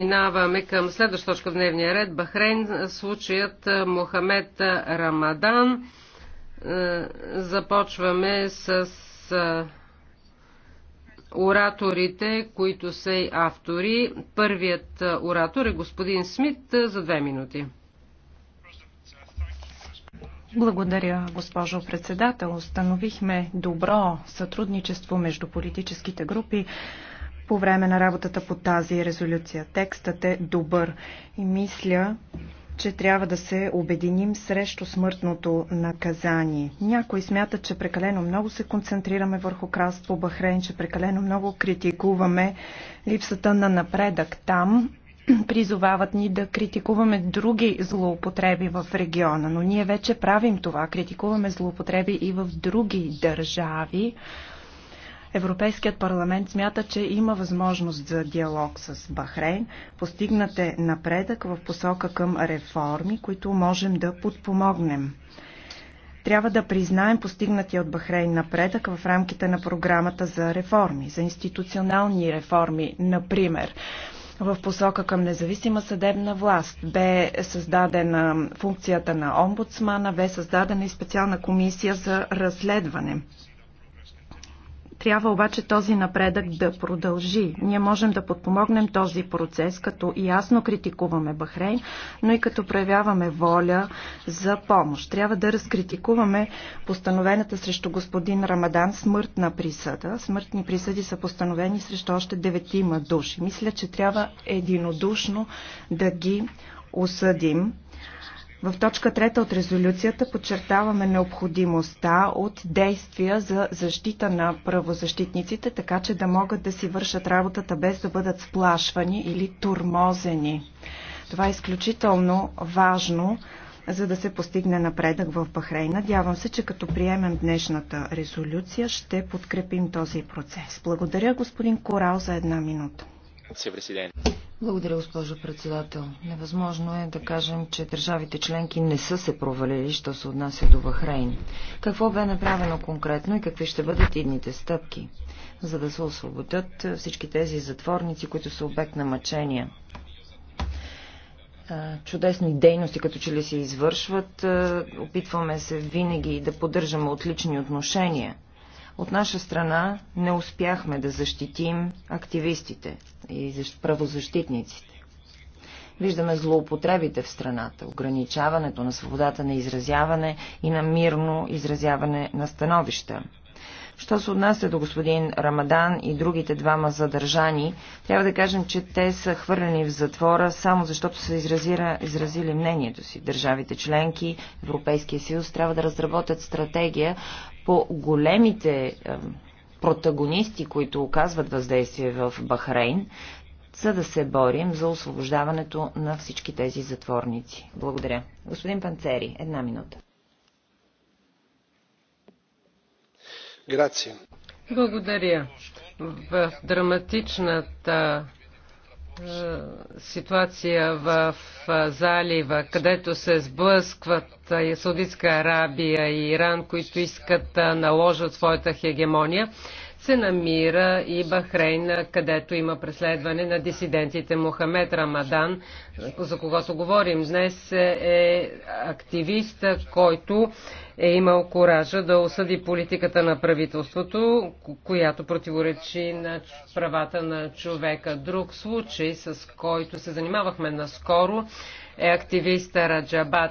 Минаваме към следваща точка в дневния ред. Бахрейн, случаят Мохамед Рамадан. Започваме с ораторите, които са и автори. Първият оратор е господин Смит за две минути. Благодаря, госпожо председател. Установихме добро сътрудничество между политическите групи по време на работата по тази резолюция. Текстът е добър и мисля, че трябва да се обединим срещу смъртното наказание. Някои смятат, че прекалено много се концентрираме върху кралство Бахрейн, че прекалено много критикуваме липсата на напредък там. Призовават ни да критикуваме други злоупотреби в региона, но ние вече правим това. Критикуваме злоупотреби и в други държави. Европейският парламент смята, че има възможност за диалог с Бахрейн. Постигнате напредък в посока към реформи, които можем да подпомогнем. Трябва да признаем постигнатия от Бахрейн напредък в рамките на програмата за реформи, за институционални реформи, например в посока към независима съдебна власт. Бе създадена функцията на омбудсмана, бе създадена и специална комисия за разследване. Трябва обаче този напредък да продължи. Ние можем да подпомогнем този процес, като ясно критикуваме Бахрейн, но и като проявяваме воля за помощ. Трябва да разкритикуваме постановената срещу господин Рамадан смъртна присъда. Смъртни присъди са постановени срещу още деветима души. Мисля, че трябва единодушно да ги осъдим в точка трета от резолюцията подчертаваме необходимостта от действия за защита на правозащитниците, така че да могат да си вършат работата без да бъдат сплашвани или турмозени. Това е изключително важно, за да се постигне напредък в Бахрейна. Надявам се, че като приемем днешната резолюция, ще подкрепим този процес. Благодаря господин Корал за една минута. Благодаря, госпожо председател. Невъзможно е да кажем, че държавите членки не са се провалили, що се отнася до Бахрейн. Какво бе направено конкретно и какви ще бъдат идните стъпки, за да се освободят всички тези затворници, които са обект на мъчения? чудесни дейности, като че ли се извършват. Опитваме се винаги да поддържаме отлични отношения – от наша страна не успяхме да защитим активистите и правозащитниците. Виждаме злоупотребите в страната, ограничаването на свободата на изразяване и на мирно изразяване на становища. Що се отнася до господин Рамадан и другите двама задържани, трябва да кажем, че те са хвърлени в затвора само защото са изразира, изразили мнението си. Държавите членки, Европейския съюз трябва да разработят стратегия по големите протагонисти, които оказват въздействие в Бахрейн, за да се борим за освобождаването на всички тези затворници. Благодаря. Господин Панцери, една минута. Благодаря. В драматичната е, ситуация в залива, където се сблъскват е, Саудитска Арабия и Иран, които искат да наложат своята хегемония се намира и Бахрейн, където има преследване на дисидентите Мохамед Рамадан, за когото говорим днес, е активист, който е имал коража да осъди политиката на правителството, която противоречи на правата на човека. Друг случай, с който се занимавахме наскоро, е активиста Раджабад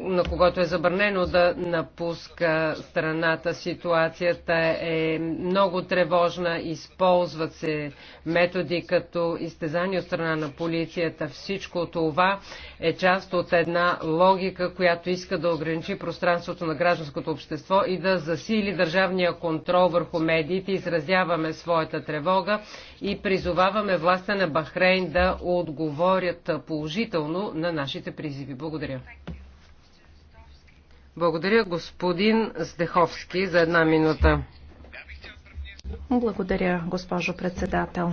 на когото е забранено да напуска страната. Ситуацията е много тревожна. Използват се методи като изтезание от страна на полицията. Всичко това е част от една логика, която иска да ограничи пространството на гражданското общество и да засили държавния контрол върху медиите. Изразяваме своята тревога и призоваваме властта на Бахрейн да отговорят положително на нашите призиви. Благодаря. Благодаря господин Здеховски за една минута. Благодаря, госпожо председател.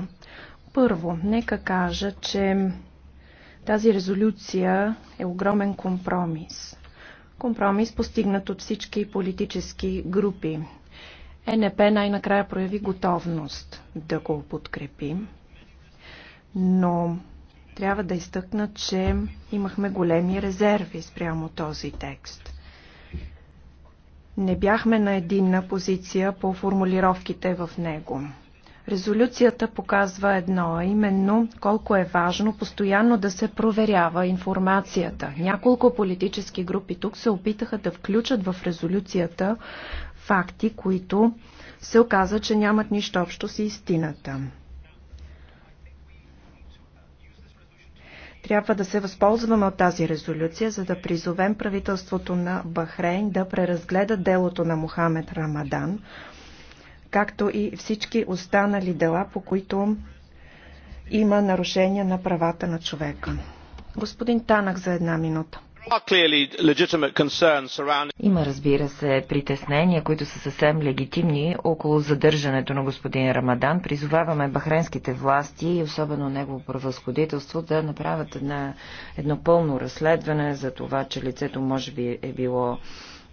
Първо, нека кажа, че тази резолюция е огромен компромис. Компромис постигнат от всички политически групи. ЕНП най-накрая прояви готовност да го подкрепи, но трябва да изтъкна, че имахме големи резерви спрямо този текст. Не бяхме на единна позиция по формулировките в него. Резолюцията показва едно, а именно колко е важно постоянно да се проверява информацията. Няколко политически групи тук се опитаха да включат в резолюцията факти, които се оказа, че нямат нищо общо с истината. Трябва да се възползваме от тази резолюция, за да призовем правителството на Бахрейн да преразгледа делото на Мохамед Рамадан, както и всички останали дела, по които има нарушения на правата на човека. Господин Танък, за една минута. Има, разбира се, притеснения, които са съвсем легитимни около задържането на господин Рамадан. Призоваваме бахренските власти и особено негово правосходителство, да направят една, едно пълно разследване за това, че лицето може би е било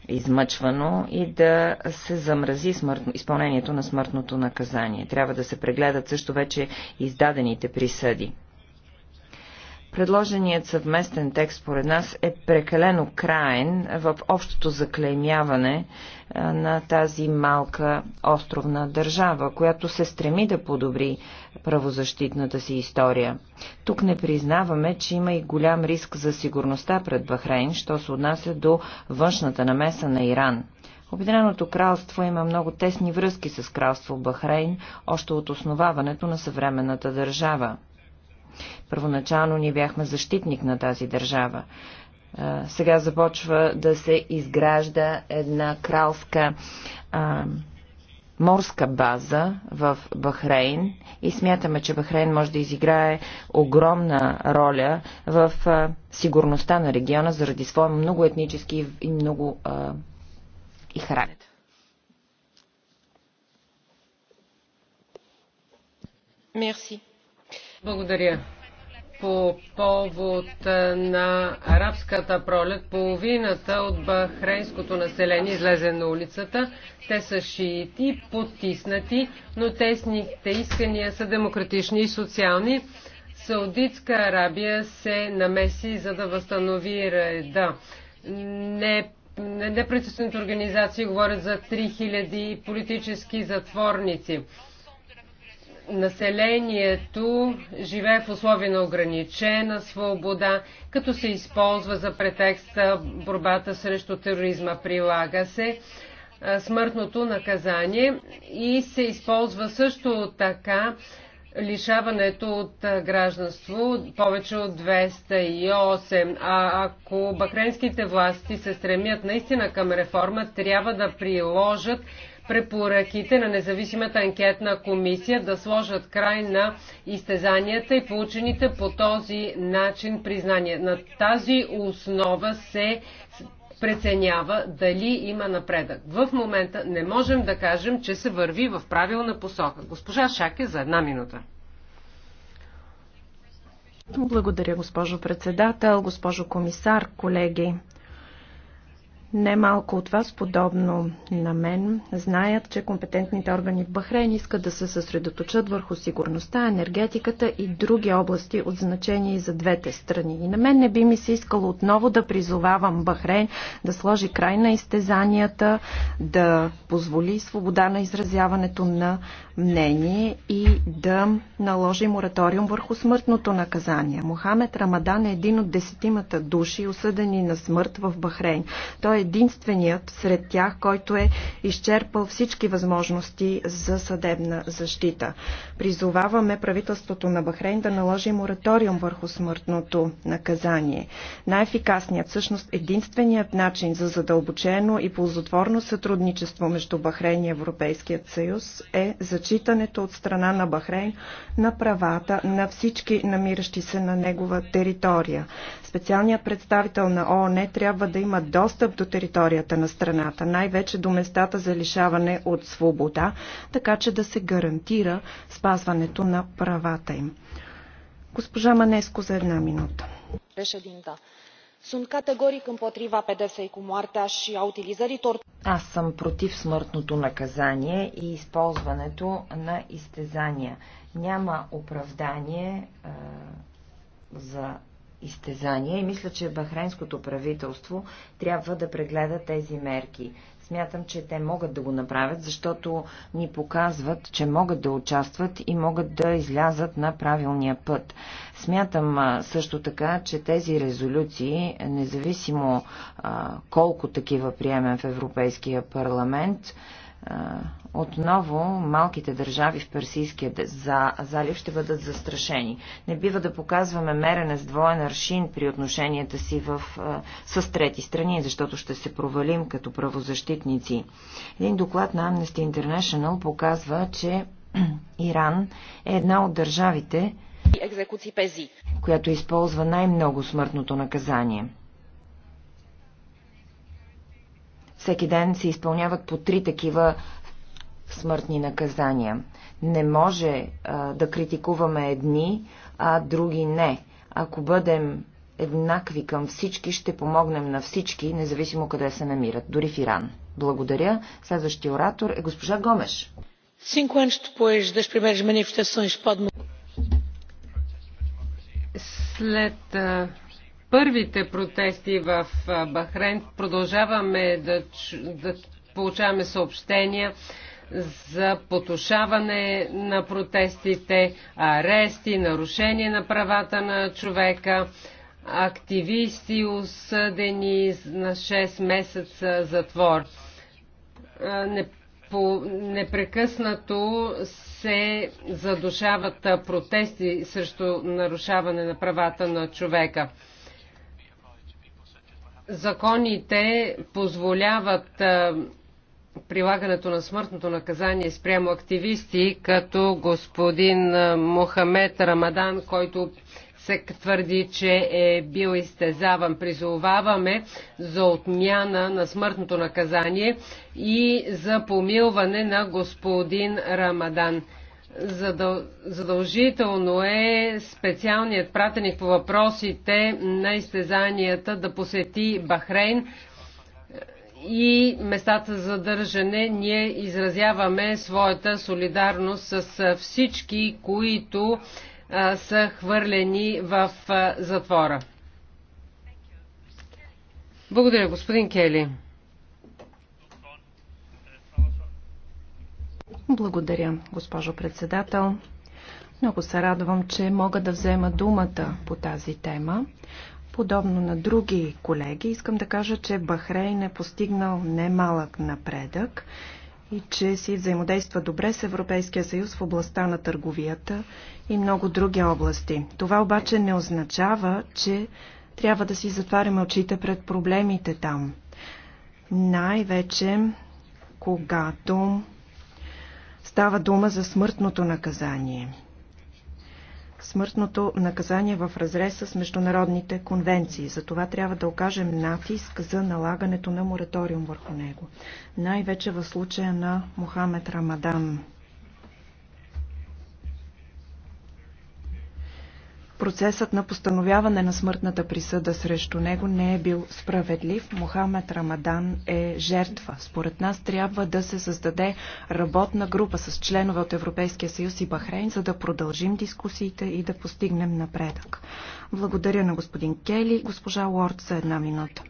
измъчвано и да се замрази смъртно, изпълнението на смъртното наказание. Трябва да се прегледат също вече издадените присъди. Предложеният съвместен текст, според нас, е прекалено краен в общото заклеймяване на тази малка островна държава, която се стреми да подобри правозащитната си история. Тук не признаваме, че има и голям риск за сигурността пред Бахрейн, що се отнася до външната намеса на Иран. Обединеното кралство има много тесни връзки с кралство Бахрейн още от основаването на съвременната държава. Първоначално ние бяхме защитник на тази държава. Сега започва да се изгражда една кралска а, морска база в Бахрейн и смятаме, че Бахрейн може да изиграе огромна роля в а, сигурността на региона заради своя много етнически и много а, и характер. Мерси. Благодаря. По повод на арабската пролет, половината от бахрейнското население излезе на улицата. Те са шиити, потиснати, но техните искания са демократични и социални. Саудитска Арабия се намеси, за да възстанови реда. Не Непредседателните организации говорят за 3000 политически затворници населението живее в условия на ограничена свобода, като се използва за претекста борбата срещу тероризма. Прилага се смъртното наказание и се използва също така лишаването от гражданство повече от 208. А ако бахренските власти се стремят наистина към реформа, трябва да приложат препоръките на независимата анкетна комисия да сложат край на изтезанията и получените по този начин признания. На тази основа се преценява дали има напредък. В момента не можем да кажем, че се върви в правилна посока. Госпожа Шаке за една минута. Благодаря, госпожо председател, госпожо комисар, колеги. Немалко от вас, подобно на мен, знаят, че компетентните органи в Бахрейн искат да се съсредоточат върху сигурността, енергетиката и други области от значение и за двете страни. И на мен не би ми се искало отново да призовавам Бахрейн да сложи край на изтезанията, да позволи свобода на изразяването на мнение и да наложи мораториум върху смъртното наказание. Мохамед Рамадан е един от десетимата души, осъдени на смърт в Бахрейн. Той е единственият сред тях, който е изчерпал всички възможности за съдебна защита. Призоваваме правителството на Бахрейн да наложи мораториум върху смъртното наказание. Най-ефикасният, всъщност единственият начин за задълбочено и ползотворно сътрудничество между Бахрейн и Европейският съюз е за отчитането от страна на Бахрейн на правата на всички намиращи се на негова територия. Специалният представител на ООН трябва да има достъп до територията на страната, най-вече до местата за лишаване от свобода, така че да се гарантира спазването на правата им. Госпожа Манеско за една минута. Sunt categoric împotriva pedepsei cu moartea și a utilizării torturii. Аз съм против смъртното наказание и използването на изтезания. Няма оправдание е, за изтезания и мисля, че бахрейнското правителство трябва да прегледа тези мерки. Смятам, че те могат да го направят, защото ни показват, че могат да участват и могат да излязат на правилния път. Смятам също така, че тези резолюции, независимо колко такива приемем в Европейския парламент, отново малките държави в Персийския залив ще бъдат застрашени. Не бива да показваме мерене с двоен аршин при отношенията си в, с трети страни, защото ще се провалим като правозащитници. Един доклад на Amnesty International показва, че Иран е една от държавите, която използва най-много смъртното наказание. Всеки ден се изпълняват по три такива смъртни наказания. Не може а, да критикуваме едни, а други не. Ако бъдем еднакви към всички, ще помогнем на всички, независимо къде се намират, дори в Иран. Благодаря. Следващия оратор е госпожа Гомеш. След първите протести в Бахрен продължаваме да, да получаваме съобщения за потушаване на протестите, арести, нарушение на правата на човека, активисти осъдени на 6 месеца затвор. непрекъснато се задушават протести срещу нарушаване на правата на човека законите позволяват прилагането на смъртното наказание спрямо активисти, като господин Мохамед Рамадан, който се твърди, че е бил изтезаван. Призоваваме за отмяна на смъртното наказание и за помилване на господин Рамадан. Задъл... Задължително е специалният пратеник по въпросите на изтезанията да посети Бахрейн, и местата за държане, ние изразяваме своята солидарност с всички, които а, са хвърлени в а, затвора. Благодаря, господин Кели. Благодаря, госпожо председател. Много се радвам, че мога да взема думата по тази тема. Подобно на други колеги, искам да кажа, че Бахрейн е постигнал немалък напредък и че си взаимодейства добре с Европейския съюз в областта на търговията и много други области. Това обаче не означава, че трябва да си затваряме очите пред проблемите там. Най-вече когато става дума за смъртното наказание – смъртното наказание в разрез с международните конвенции. За това трябва да окажем натиск за налагането на мораториум върху него. Най-вече в случая на Мохамед Рамадан. Процесът на постановяване на смъртната присъда срещу него не е бил справедлив. Мохамед Рамадан е жертва. Според нас трябва да се създаде работна група с членове от Европейския съюз и Бахрейн, за да продължим дискусиите и да постигнем напредък. Благодаря на господин Кели, госпожа Уорд за една минута.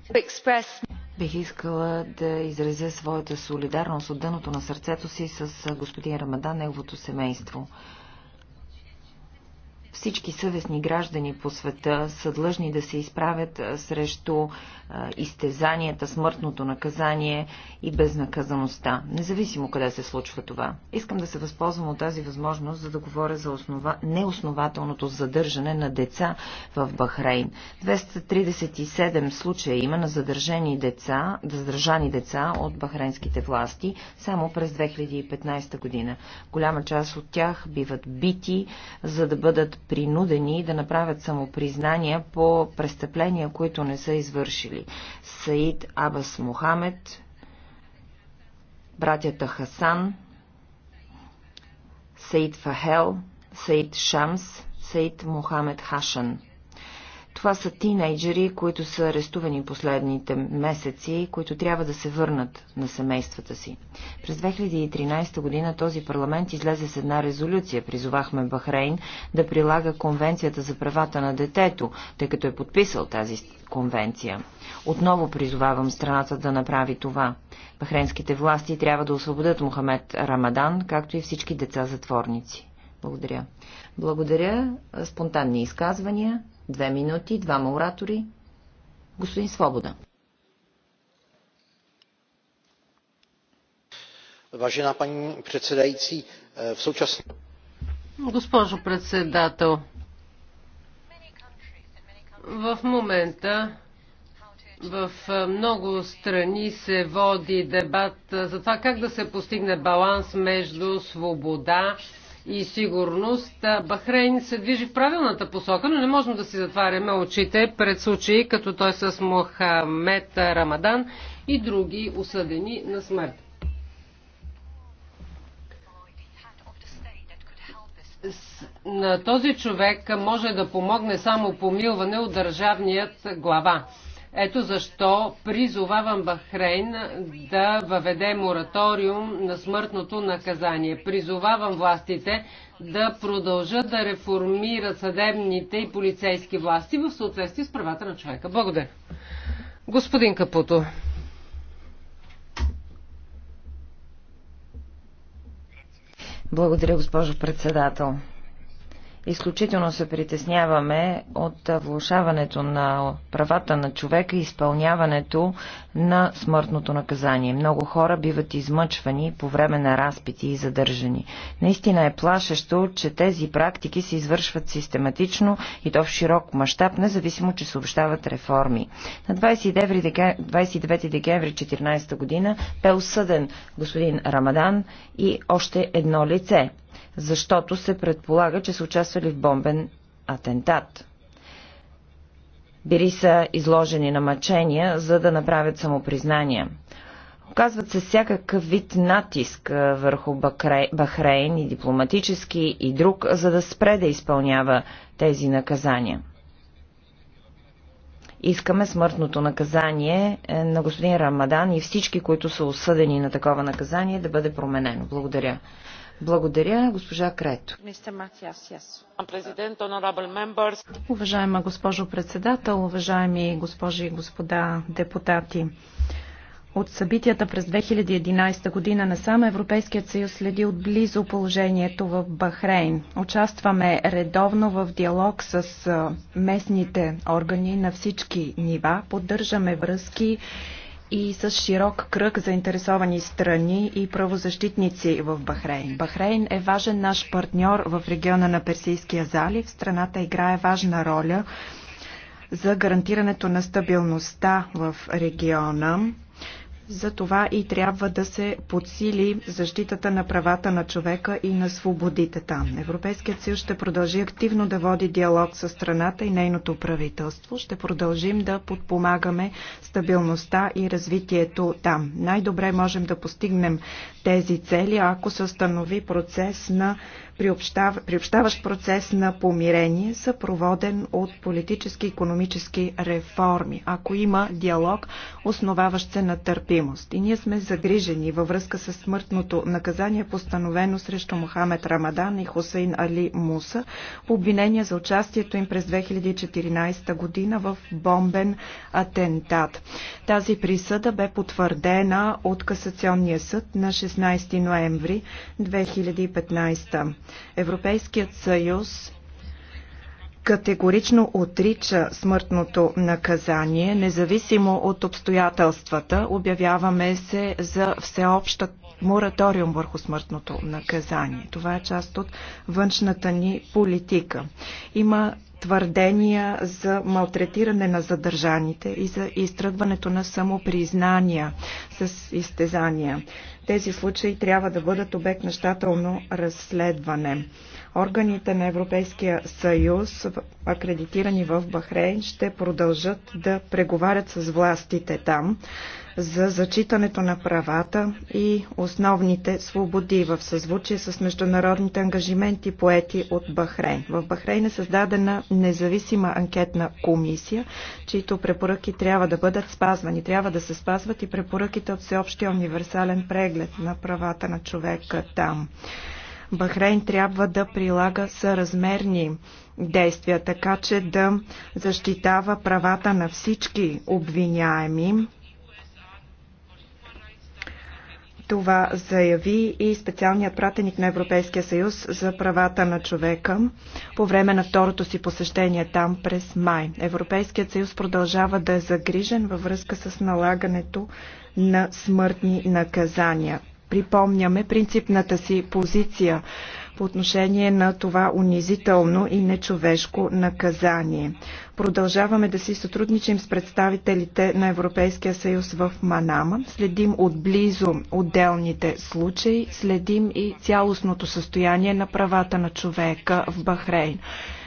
Бих искала да изразя своята солидарност от дъното на сърцето си с господин Рамадан, неговото семейство. Всички съвестни граждани по света са длъжни да се изправят срещу изтезанията, смъртното наказание и безнаказаността, независимо къде се случва това. Искам да се възползвам от тази възможност, за да говоря за основа... неоснователното задържане на деца в Бахрейн. 237 случая има на задържани деца, задържани деца от бахрейнските власти само през 2015 година. Голяма част от тях биват бити, за да бъдат принудени да направят самопризнания по престъпления, които не са извършили. Саид Абас Мохамед, братята Хасан, Саид Фахел, Саид Шамс, Саид Мохамед Хашан – това са тинейджери, които са арестувани последните месеци, които трябва да се върнат на семействата си. През 2013 година този парламент излезе с една резолюция. Призовахме Бахрейн да прилага Конвенцията за правата на детето, тъй като е подписал тази конвенция. Отново призовавам страната да направи това. Бахрейнските власти трябва да освободят Мохамед Рамадан, както и всички деца затворници. Благодаря. Благодаря. Спонтанни изказвания. Две минути, двама оратори. Господин Свобода. Важена пани председайци, е, в současné... Госпожо председател, в момента в много страни се води дебат за това как да се постигне баланс между свобода и и сигурност. Бахрейн се движи в правилната посока, но не можем да си затваряме очите пред случаи като той с Мохамед Рамадан и други осъдени на смърт. На този човек може да помогне само помилване от държавният глава. Ето защо призовавам Бахрейн да въведе мораториум на смъртното наказание. Призовавам властите да продължат да реформират съдебните и полицейски власти в съответствие с правата на човека. Благодаря. Господин Капуто. Благодаря, госпожо председател. Изключително се притесняваме от влушаването на правата на човека и изпълняването на смъртното наказание. Много хора биват измъчвани по време на разпити и задържани. Наистина е плашещо, че тези практики се извършват систематично и то в широк мащаб, независимо, че съобщават реформи. На 29 декември, 29 декември 2014 година бе осъден господин Рамадан и още едно лице защото се предполага, че са участвали в бомбен атентат. Били са изложени на мъчения, за да направят самопризнания. Оказват се всякакъв вид натиск върху Бахрейн и дипломатически и друг, за да спре да изпълнява тези наказания. Искаме смъртното наказание е, на господин Рамадан и всички, които са осъдени на такова наказание, да бъде променено. Благодаря. Благодаря, госпожа Крето. Уважаема госпожо председател, уважаеми госпожи и господа депутати. От събитията през 2011 година на сам Европейският съюз следи отблизо положението в Бахрейн. Участваме редовно в диалог с местните органи на всички нива, поддържаме връзки и с широк кръг заинтересовани страни и правозащитници в Бахрейн. Бахрейн е важен наш партньор в региона на Персийския залив. Страната играе важна роля за гарантирането на стабилността в региона. За това и трябва да се подсили защитата на правата на човека и на свободите там. Европейският съюз ще продължи активно да води диалог с страната и нейното правителство. Ще продължим да подпомагаме стабилността и развитието там. Най-добре можем да постигнем тези цели, ако се установи процес на приобщав, приобщаващ процес на помирение, съпроводен от политически и економически реформи, ако има диалог, основаващ се на търпимост. И ние сме загрижени във връзка с смъртното наказание, постановено срещу Мохамед Рамадан и Хусейн Али Муса, обвинения за участието им през 2014 година в бомбен атентат. Тази присъда бе потвърдена от Касационния съд на 16 ноември 2015 Европейският съюз категорично отрича смъртното наказание, независимо от обстоятелствата. Обявяваме се за всеобща мораториум върху смъртното наказание. Това е част от външната ни политика. Има твърдения за малтретиране на задържаните и за изтръгването на самопризнания с изтезания. Тези случаи трябва да бъдат обект на щателно разследване. Органите на Европейския съюз, акредитирани в Бахрейн, ще продължат да преговарят с властите там за зачитането на правата и основните свободи в съзвучие с международните ангажименти поети от Бахрейн. В Бахрейн е създадена независима анкетна комисия, чието препоръки трябва да бъдат спазвани. Трябва да се спазват и препоръките от всеобщия универсален преглед на правата на човека там. Бахрейн трябва да прилага съразмерни действия, така че да защитава правата на всички обвиняеми Това заяви и специалният пратеник на Европейския съюз за правата на човека по време на второто си посещение там през май. Европейският съюз продължава да е загрижен във връзка с налагането на смъртни наказания. Припомняме принципната си позиция по отношение на това унизително и нечовешко наказание. Продължаваме да си сътрудничим с представителите на Европейския съюз в Манама. Следим отблизо отделните случаи, следим и цялостното състояние на правата на човека в Бахрейн.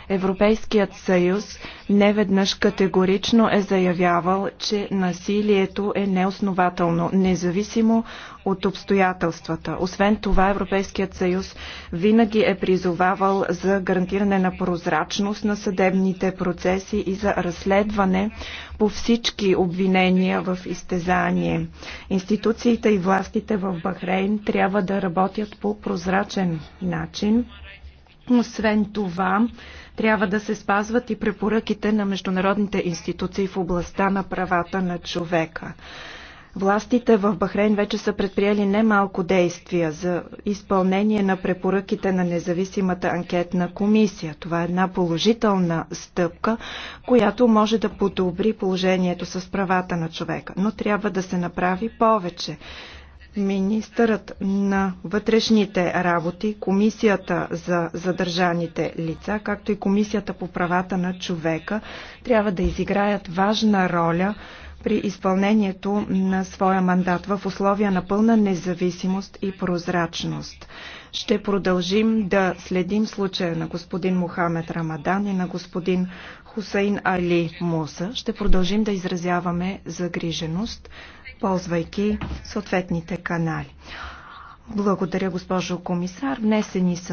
Европейският съюз неведнъж категорично е заявявал, че насилието е неоснователно, независимо от обстоятелствата. Освен това, Европейският съюз винаги е призовавал за гарантиране на прозрачност на съдебните процеси и за разследване по всички обвинения в изтезание. Институциите и властите в Бахрейн трябва да работят по прозрачен начин. Освен това, трябва да се спазват и препоръките на международните институции в областта на правата на човека. Властите в Бахрейн вече са предприели немалко действия за изпълнение на препоръките на независимата анкетна комисия. Това е една положителна стъпка, която може да подобри положението с правата на човека, но трябва да се направи повече. Министърът на вътрешните работи, Комисията за задържаните лица, както и Комисията по правата на човека, трябва да изиграят важна роля при изпълнението на своя мандат в условия на пълна независимост и прозрачност. Ще продължим да следим случая на господин Мохамед Рамадан и на господин Хусейн Али Муса. Ще продължим да изразяваме загриженост ползвайки съответните канали. Благодаря, госпожо комисар. Внесени са